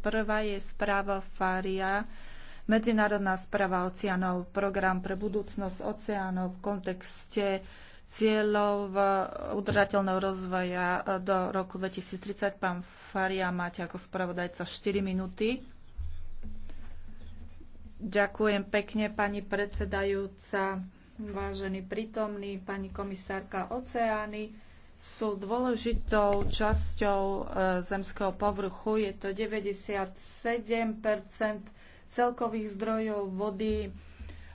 Prvá je správa Faria, Medzinárodná správa oceánov, program pre budúcnosť oceánov v kontekste cieľov e, udržateľného rozvoja e, do roku 2030. Pán Faria, máte ako spravodajca 4 minúty. Ďakujem pekne, pani predsedajúca, vážení prítomný, pani komisárka oceány sú dôležitou časťou e, zemského povrchu. Je to 97 celkových zdrojov vody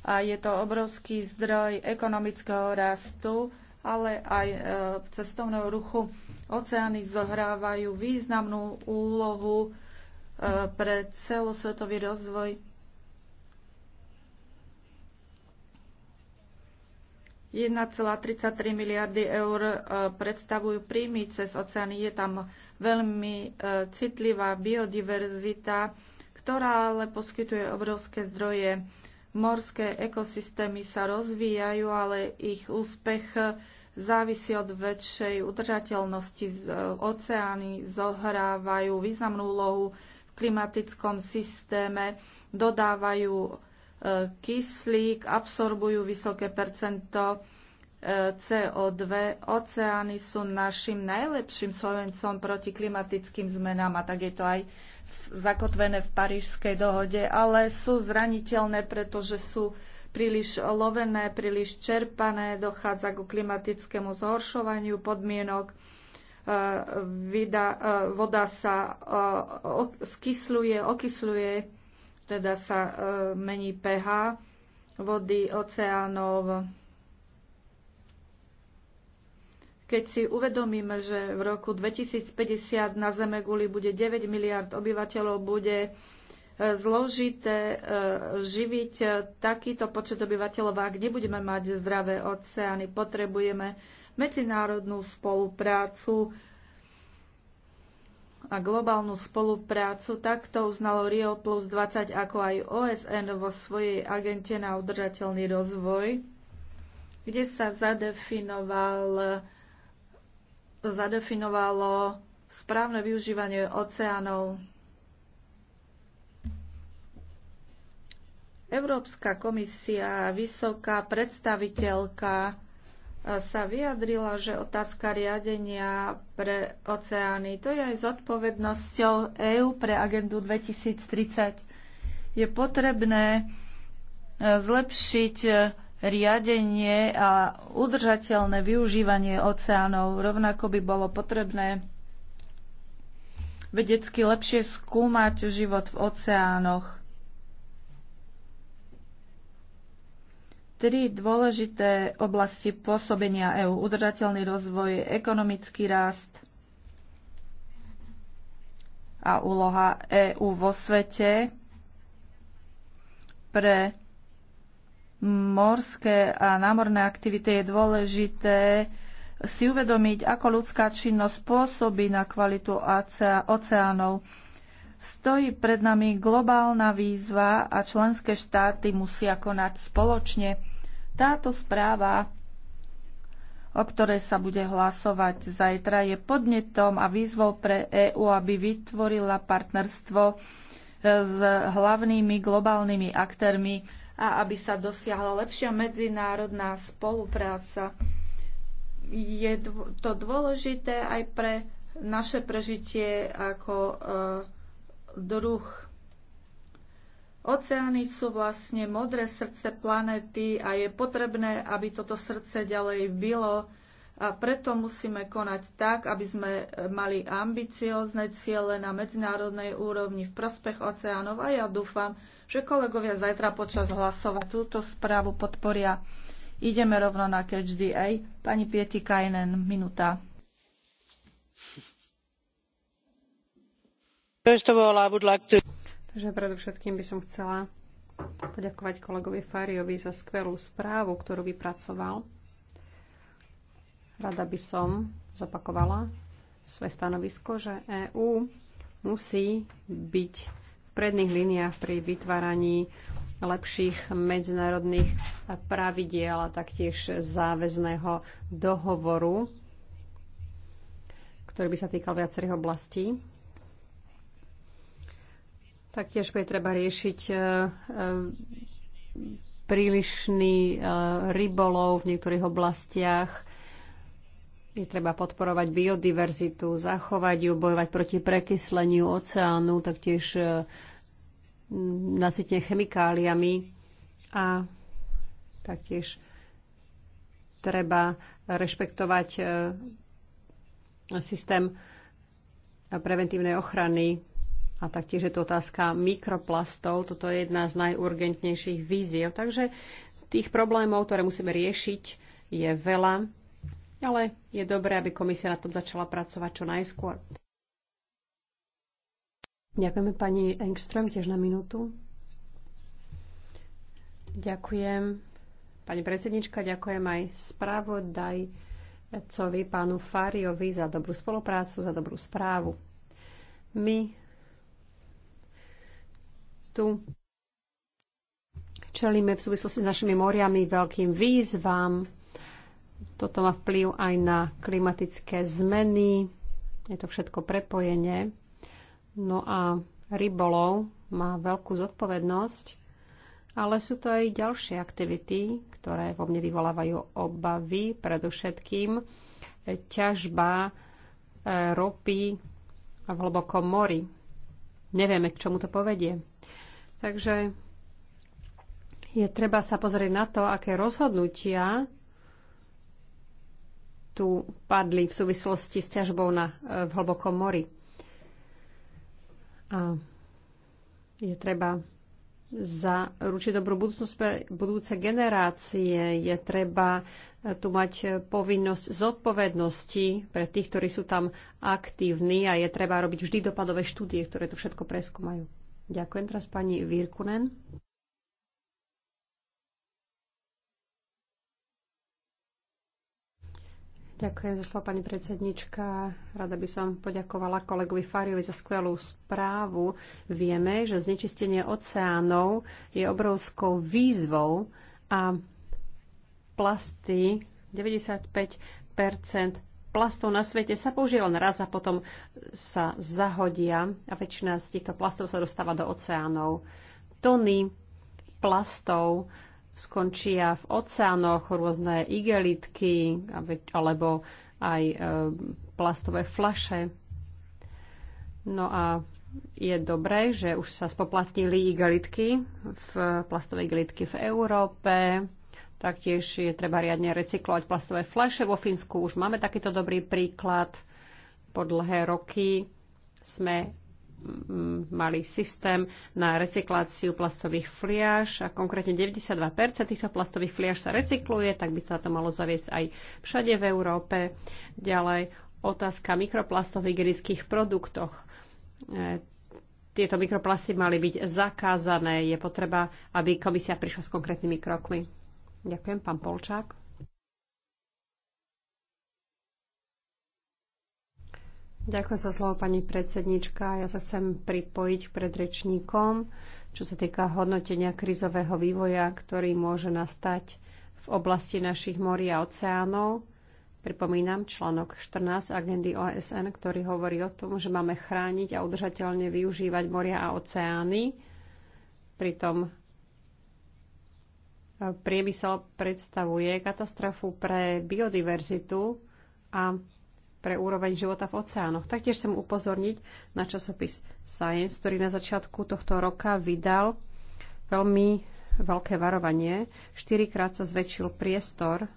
a je to obrovský zdroj ekonomického rastu, ale aj e, cestovného ruchu. Oceány zohrávajú významnú úlohu e, pre celosvetový rozvoj 1,33 miliardy eur e, predstavujú príjmy cez oceány. Je tam veľmi e, citlivá biodiverzita, ktorá ale poskytuje obrovské zdroje. Morské ekosystémy sa rozvíjajú, ale ich úspech e, závisí od väčšej udržateľnosti. Oceány zohrávajú významnú úlohu v klimatickom systéme, dodávajú kyslík, absorbujú vysoké percento e, CO2. Oceány sú našim najlepším slovencom proti klimatickým zmenám a tak je to aj zakotvené v Parížskej dohode, ale sú zraniteľné, pretože sú príliš lovené, príliš čerpané, dochádza ku klimatickému zhoršovaniu podmienok, e, e, voda sa skysluje, okysluje teda sa e, mení pH vody, oceánov. Keď si uvedomíme, že v roku 2050 na Zeme guli bude 9 miliard obyvateľov, bude e, zložité e, živiť e, takýto počet obyvateľov. Ak nebudeme mať zdravé oceány, potrebujeme medzinárodnú spoluprácu, a globálnu spoluprácu takto uznalo Rio plus 20 ako aj OSN vo svojej agente na udržateľný rozvoj, kde sa zadefinoval, zadefinovalo správne využívanie oceánov. Európska komisia, vysoká predstaviteľka sa vyjadrila, že otázka riadenia pre oceány, to je aj zodpovednosťou EÚ pre agendu 2030. Je potrebné e, zlepšiť e, riadenie a udržateľné využívanie oceánov. Rovnako by bolo potrebné vedecky lepšie skúmať život v oceánoch. tri dôležité oblasti pôsobenia EÚ. Udržateľný rozvoj, ekonomický rast a úloha EÚ vo svete pre morské a námorné aktivity je dôležité si uvedomiť, ako ľudská činnosť pôsobí na kvalitu oceánov. Stojí pred nami globálna výzva a členské štáty musia konať spoločne. Táto správa, o ktorej sa bude hlasovať zajtra, je podnetom a výzvou pre EÚ, aby vytvorila partnerstvo e, s hlavnými globálnymi aktérmi a aby sa dosiahla lepšia medzinárodná spolupráca. Je to dôležité aj pre naše prežitie ako e, druh Oceány sú vlastne modré srdce planéty a je potrebné, aby toto srdce ďalej bylo a preto musíme konať tak, aby sme mali ambiciózne ciele na medzinárodnej úrovni v prospech oceánov a ja dúfam, že kolegovia zajtra počas hlasovať túto správu podporia. Ideme rovno na Catch A. Pani Pieti Kajnen, minúta. First of all, I would like to... Takže predovšetkým by som chcela poďakovať kolegovi Fariovi za skvelú správu, ktorú vypracoval. Rada by som zopakovala svoje stanovisko, že EÚ musí byť v predných líniách pri vytváraní lepších medzinárodných pravidiel a taktiež záväzného dohovoru, ktorý by sa týkal viacerých oblastí. Taktiež bude treba riešiť e, e, prílišný e, rybolov v niektorých oblastiach. Je treba podporovať biodiverzitu, zachovať ju, bojovať proti prekysleniu oceánu, taktiež nasytne chemikáliami a taktiež treba rešpektovať systém preventívnej ochrany a taktiež je to otázka mikroplastov. Toto je jedna z najurgentnejších víziev. Takže tých problémov, ktoré musíme riešiť, je veľa, ale je dobré, aby komisia na tom začala pracovať čo najskôr. Ďakujeme pani Engström tiež na minútu. Ďakujem. Pani predsednička, ďakujem aj spravodajcovi pánu Fariovi za dobrú spoluprácu, za dobrú správu. My tu čelíme v súvislosti s našimi moriami veľkým výzvam. Toto má vplyv aj na klimatické zmeny. Je to všetko prepojenie. No a rybolov má veľkú zodpovednosť, ale sú to aj ďalšie aktivity, ktoré vo mne vyvolávajú obavy, predovšetkým ťažba e, ropy v hlbokom mori. Nevieme, k čomu to povedie. Takže je treba sa pozrieť na to, aké rozhodnutia tu padli v súvislosti s ťažbou na, e, v hlbokom mori. A je treba zaručiť dobrú budúcnosť pre budúce generácie. Je treba e, tu mať e, povinnosť zodpovednosti pre tých, ktorí sú tam aktívni a je treba robiť vždy dopadové štúdie, ktoré to všetko preskúmajú. Ďakujem teraz pani Virkunen. Ďakujem za slovo, pani predsednička. Rada by som poďakovala kolegovi Fariovi za skvelú správu. Vieme, že znečistenie oceánov je obrovskou výzvou a plasty 95 plastov na svete sa použije len raz a potom sa zahodia a väčšina z týchto plastov sa dostáva do oceánov. Tony plastov skončia v oceánoch rôzne igelitky alebo aj e, plastové flaše. No a je dobré, že už sa spoplatnili igelitky, v plastové igelitky v Európe, Taktiež je treba riadne recyklovať plastové fľaše vo Fínsku. Už máme takýto dobrý príklad. Po dlhé roky sme mm, mali systém na recykláciu plastových fliaž a konkrétne 92% týchto plastových fliaž sa recykluje, tak by sa to malo zaviesť aj všade v Európe. Ďalej otázka mikroplastov v hygienických produktoch. E, tieto mikroplasty mali byť zakázané. Je potreba, aby komisia prišla s konkrétnymi krokmi. Ďakujem, pán Polčák. Ďakujem za slovo, pani predsednička. Ja sa chcem pripojiť k predrečníkom, čo sa týka hodnotenia krizového vývoja, ktorý môže nastať v oblasti našich morí a oceánov. Pripomínam článok 14 agendy OSN, ktorý hovorí o tom, že máme chrániť a udržateľne využívať moria a oceány. Pritom priemysel predstavuje katastrofu pre biodiverzitu a pre úroveň života v oceánoch. Taktiež chcem upozorniť na časopis Science, ktorý na začiatku tohto roka vydal veľmi veľké varovanie. Štyrikrát sa zväčšil priestor,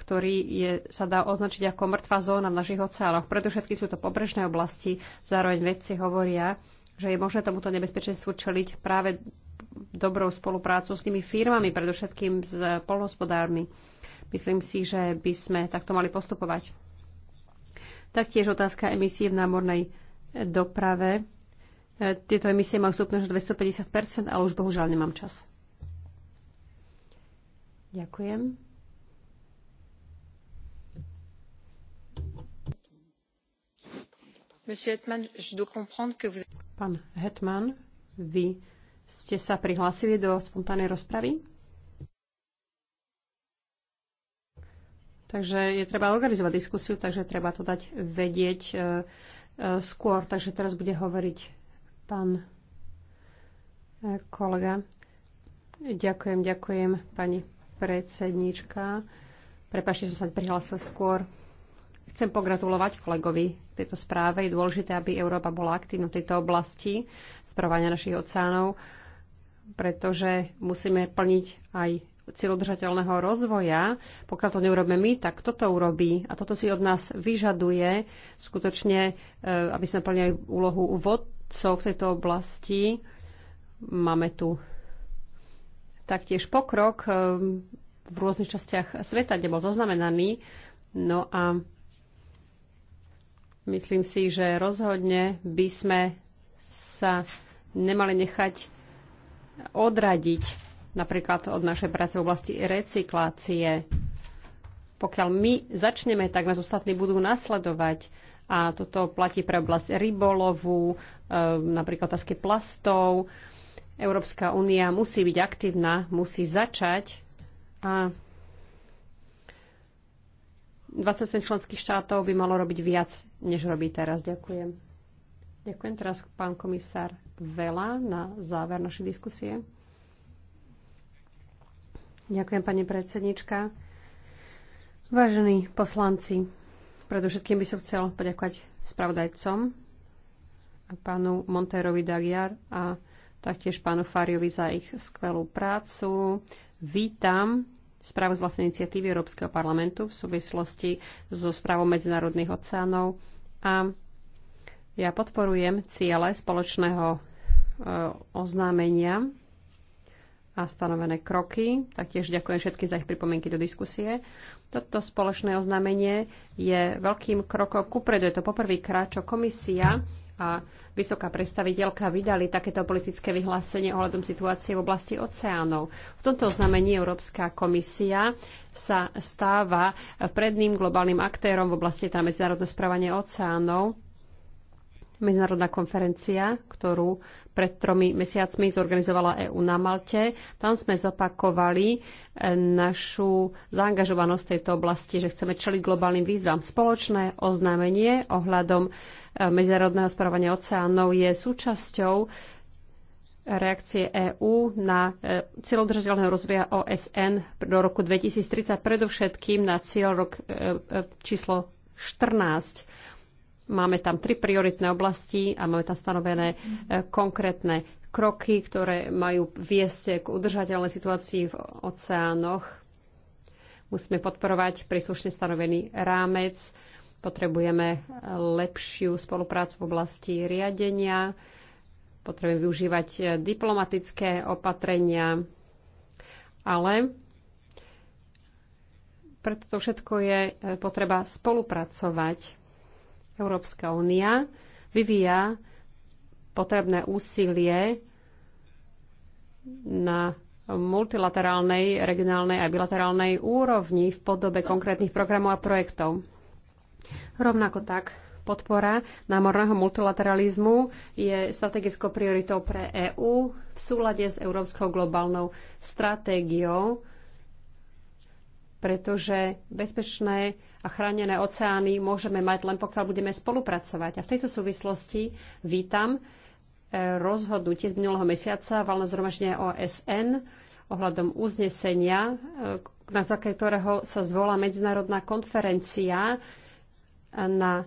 ktorý je, sa dá označiť ako mŕtva zóna v našich oceánoch. Preto všetky sú to pobrežné oblasti. Zároveň vedci hovoria, že je možné tomuto nebezpečenstvu čeliť práve dobrou spoluprácu s tými firmami, predovšetkým s polnospodármi. Myslím si, že by sme takto mali postupovať. Taktiež otázka emisí v námornej doprave. E, tieto emisie majú stupnosť 250%, ale už bohužiaľ nemám čas. Ďakujem. Pán Hetman, vy ste sa prihlásili do spontánnej rozpravy. Takže je treba organizovať diskusiu, takže treba to dať vedieť e, e, skôr. Takže teraz bude hovoriť pán e, kolega. Ďakujem, ďakujem, pani predsednička. Prepašte, som sa prihlásil skôr. Chcem pogratulovať kolegovi tejto správe. Je dôležité, aby Európa bola aktívna v tejto oblasti správania našich oceánov, pretože musíme plniť aj cieľodržateľného rozvoja. Pokiaľ to neurobíme my, tak kto to urobí? A toto si od nás vyžaduje skutočne, e, aby sme plnili úlohu vodcov v tejto oblasti. Máme tu taktiež pokrok e, v rôznych častiach sveta, kde bol zaznamenaný. No a Myslím si, že rozhodne by sme sa nemali nechať odradiť napríklad od našej práce v oblasti recyklácie. Pokiaľ my začneme, tak nás ostatní budú nasledovať. A toto platí pre oblasť rybolovu, e, napríklad otázky plastov. Európska únia musí byť aktívna, musí začať a 28 členských štátov by malo robiť viac, než robí teraz. Ďakujem. Ďakujem teraz pán komisár Vela na záver našej diskusie. Ďakujem, pani predsednička. Vážení poslanci, predovšetkým by som chcel poďakovať spravodajcom, pánu Monterovi Dagiar a taktiež pánu Fariovi za ich skvelú prácu. Vítam správu z vlastnej iniciatívy Európskeho parlamentu v súvislosti so správou medzinárodných oceánov a ja podporujem ciele spoločného e, oznámenia a stanovené kroky. Taktiež ďakujem všetkým za ich pripomienky do diskusie. Toto spoločné oznámenie je veľkým krokom kupredu. Je to poprvýkrát, čo komisia a vysoká predstaviteľka vydali takéto politické vyhlásenie ohľadom situácie v oblasti oceánov. V tomto znamení Európska komisia sa stáva predným globálnym aktérom v oblasti teda medzinárodného správania oceánov medzinárodná konferencia, ktorú pred tromi mesiacmi zorganizovala EÚ na Malte. Tam sme zopakovali e, našu zaangažovanosť v tejto oblasti, že chceme čeliť globálnym výzvam. Spoločné oznámenie ohľadom e, medzinárodného správania oceánov je súčasťou reakcie EÚ na e, cieľ rozvoja OSN do roku 2030, predovšetkým na cieľ rok, číslo 14 Máme tam tri prioritné oblasti a máme tam stanovené e, konkrétne kroky, ktoré majú viesť k udržateľnej situácii v oceánoch. Musíme podporovať príslušne stanovený rámec. Potrebujeme e, lepšiu spoluprácu v oblasti riadenia. Potrebujeme využívať e, diplomatické opatrenia. Ale preto to všetko je potreba spolupracovať Európska únia vyvíja potrebné úsilie na multilaterálnej, regionálnej a bilaterálnej úrovni v podobe konkrétnych programov a projektov. Rovnako tak podpora námorného multilateralizmu je strategickou prioritou pre EÚ v súlade s Európskou globálnou stratégiou pretože bezpečné a chránené oceány môžeme mať len pokiaľ budeme spolupracovať. A v tejto súvislosti vítam e, rozhodnutie z minulého mesiaca valného zhromaždenia OSN ohľadom uznesenia, e, na základe ktorého sa zvolá medzinárodná konferencia na e,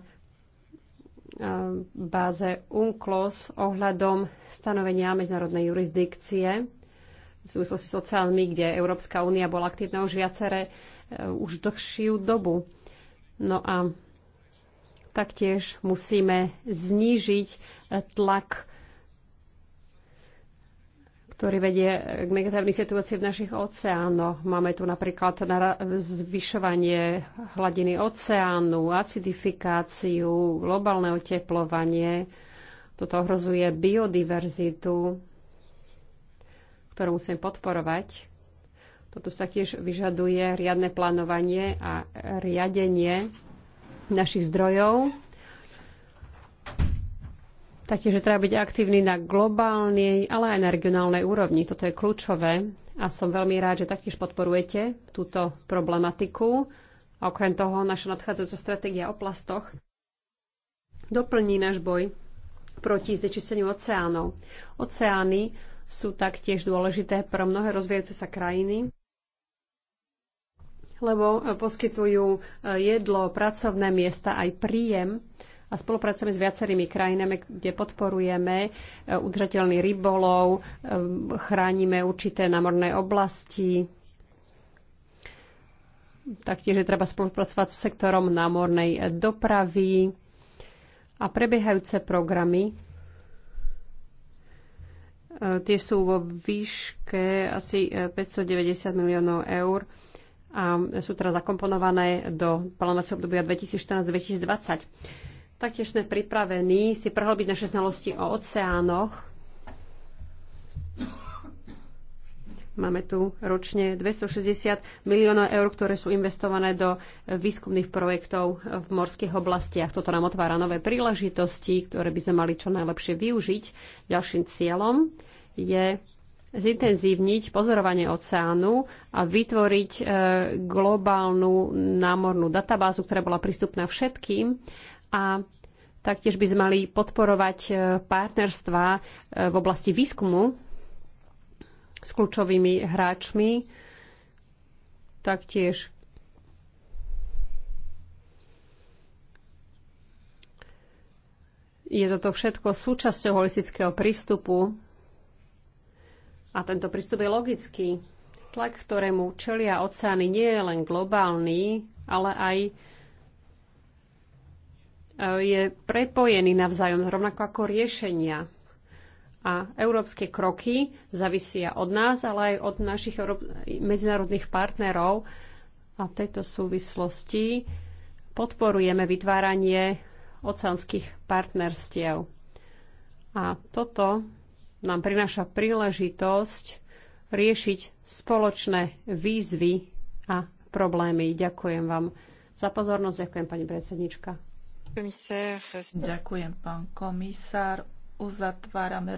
báze UNCLOS ohľadom stanovenia medzinárodnej jurisdikcie v súvislosti s oceánmi, kde Európska únia bola aktívna už viacere, e, už dlhšiu dobu. No a taktiež musíme znížiť e, tlak, ktorý vedie k negatívnej situácii v našich oceánoch. Máme tu napríklad zvyšovanie hladiny oceánu, acidifikáciu, globálne oteplovanie. Toto ohrozuje biodiverzitu, ktorú musíme podporovať. Toto sa tiež vyžaduje riadne plánovanie a riadenie našich zdrojov. Taktiež treba byť aktívny na globálnej, ale aj na regionálnej úrovni. Toto je kľúčové a som veľmi rád, že taktiež podporujete túto problematiku. A okrem toho, naša nadchádzajúca stratégia o plastoch doplní náš boj proti znečisteniu oceánov. Oceány sú taktiež dôležité pre mnohé rozvíjajúce sa krajiny, lebo e, poskytujú e, jedlo, pracovné miesta aj príjem a spolupracujeme s viacerými krajinami, kde podporujeme e, udržateľný rybolov, chránime určité námorné oblasti. Taktiež je treba spolupracovať s sektorom námornej dopravy a prebiehajúce programy Eh, tie sú vo výške asi 590 eh, miliónov eur a sú teraz zakomponované do plánovacieho obdobia 2014-2020. Taktiež sme pripravení si prehlbiť naše znalosti o oceánoch. Máme tu ročne 260 miliónov eur, ktoré sú investované do výskumných projektov v morských oblastiach. Toto nám otvára nové príležitosti, ktoré by sme mali čo najlepšie využiť. Ďalším cieľom je zintenzívniť pozorovanie oceánu a vytvoriť e, globálnu námornú databázu, ktorá bola prístupná všetkým. A taktiež by sme mali podporovať e, partnerstva e, v oblasti výskumu s kľúčovými hráčmi. Taktiež je toto všetko súčasťou holistického prístupu a tento prístup je logický. Tlak, ktorému čelia oceány, nie je len globálny, ale aj e, je prepojený navzájom, rovnako ako riešenia. A európske kroky zavisia od nás, ale aj od našich medzinárodných partnerov. A v tejto súvislosti podporujeme vytváranie oceánskych partnerstiev. A toto nám prináša príležitosť riešiť spoločné výzvy a problémy. Ďakujem vám za pozornosť. Ďakujem pani predsednička. Ďakujem pán komisár. Uzatvárame